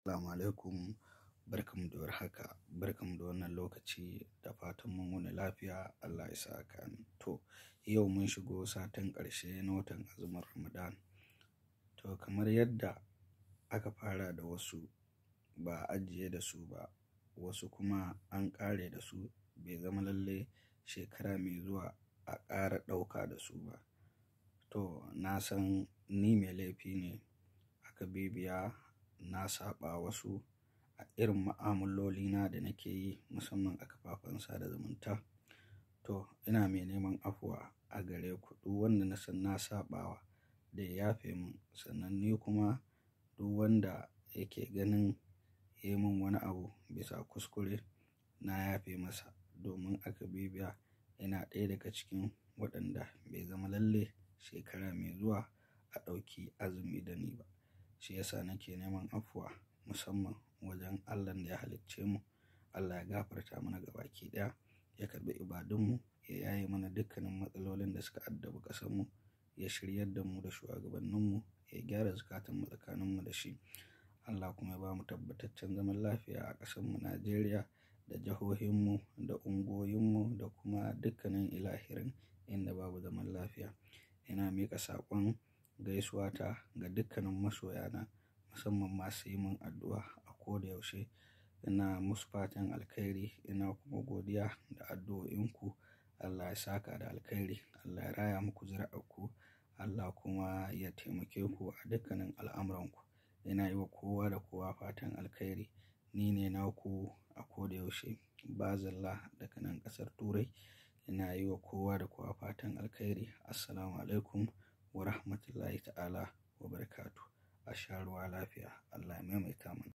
Assalamu alaikum, barkamu da warhaka, barkamu da wannan lokaci da fatan mun wuni lafiya Allah ya sa ka amin. To, yau mun shigo satin ƙarshe na watan azumin Ramadan. To, kamar yadda aka fara da wasu ba ajiye da su ba, wasu kuma an ƙare da su bai zama lalle shekara mai zuwa a ƙara ɗauka da su ba. To, na san ni mai laifi ne aka bibiya na saɓa wasu a irin na da nake yi musamman a kafafen sada zumunta. To ina mai neman afuwa a gare ku duk wanda na san na saɓawa da ya yafe mun sannan ni kuma duk wanda yake ganin ya yi wani abu bisa kuskure na yafe masa domin aka bibiya yana ɗaya daga cikin waɗanda bai zama lalle shekara mai zuwa a ɗauki azumi da ni ba. shi yasa nake neman afuwa musamman wajen allah da ya halicce mu. Allah ya gafarta mana gabaki ɗaya, ya karɓi ibadunmu, ya yaye mana dukkanin matsalolin da suka addabi ƙasarmu, ya shiryar da mu da shugabanninmu, ya gyara zukatan tsakaninmu da shi. Allah kuma ya ba mu tabbataccen zaman lafiya a mu Najeriya da jihohinmu da mu da kuma dukkanin ilahirin inda babu zaman lafiya. Ina miƙa saƙon Gaisuwata ta ga dukkanin na, musamman masu yi min addu'a a ko da yaushe. Ina musu fatan alkhairi ina kuma godiya da addu'o'inku. Allah ya saka da alkhairi, Allah ya raya muku ku. Allah kuma ya taimake ku a dukkanin al'amuranku. Ina yi wa kowa da kowa fatan alkhairi. Ni ne na ku a ko da yaushe. zalla daga nan ƙasar Turai. Ina yi wa kowa da kowa fatan alkhairi. Assalamu alaikum. wa rahmatullahi ta'ala wa barakatu. A sha ruwa lafiya. Allah ya maimaita mana.